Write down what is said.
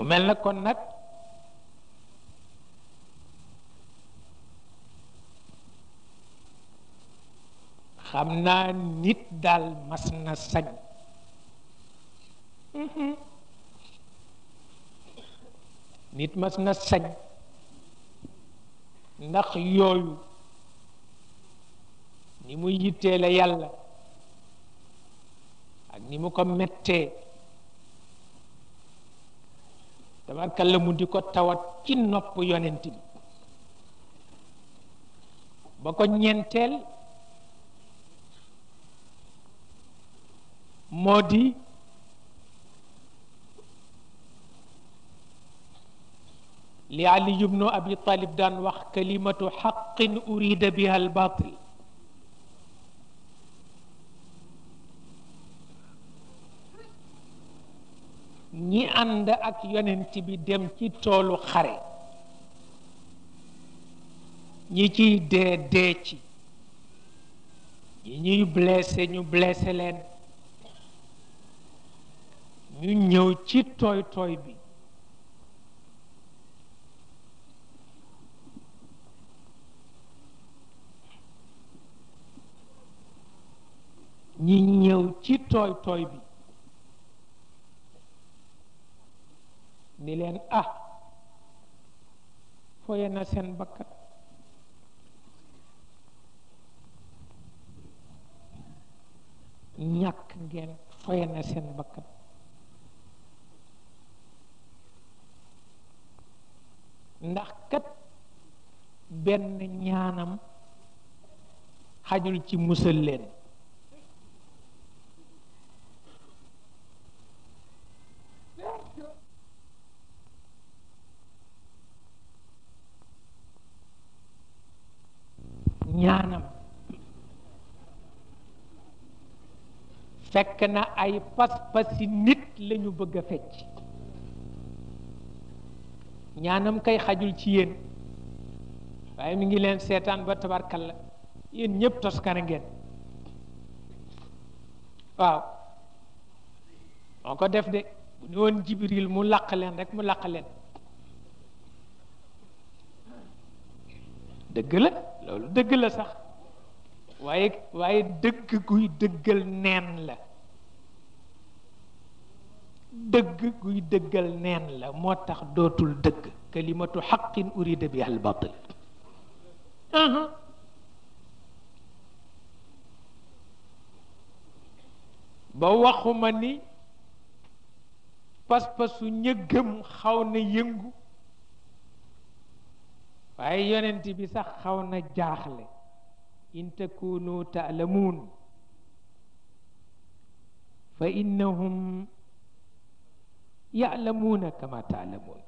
mu mel na kon nag xam naa nit daal mas na sañ mm-hmm. nit mas na sañ ndax yooyu ni mu yittee la yàlla ak ni mu ko mettee tabarkalla mu di ko tawat ci nopp yonent bi ba ko ñeenteel moo di li ali ibnu abi talib daan wax kalimatu xaqin urida biha albatil ñi ànd ak yonent bi dem ci toolu xare ñi ciy dee dee ci ñi ñuy blessé ñu blessé leen ñu ñëw ñi ñëw ci tooy tooy bi ni leen ah foye na seen bakkan ñàkk ngeen foye na seen bakkat ndax kat benn ñaanam xajul ci musal leen ñaanam fekk na ay pas-pasi nit lañu bëgg a fecc ñaanam kay xajul ci yéen waaye mu ngi leen seetaan ba tabarkal la yéen ñëpp tos ngeen waaw moo ko def de bu ñu woon jibril mu làq leen rek mu làq leen dëgg la loolu dëgg la sax waaye waaye dëgg guy dëggal neen la dëgg guy dëggal neen la moo tax dootul dëgg kalimatu xaqin urida bi al uh-huh. ba waxuma ni pas-pasu ñëggam xaw na yëngu waaye yonent bi sax xaw na jaaxle in takunu taalamuun fa innahum yalamuna kama talamun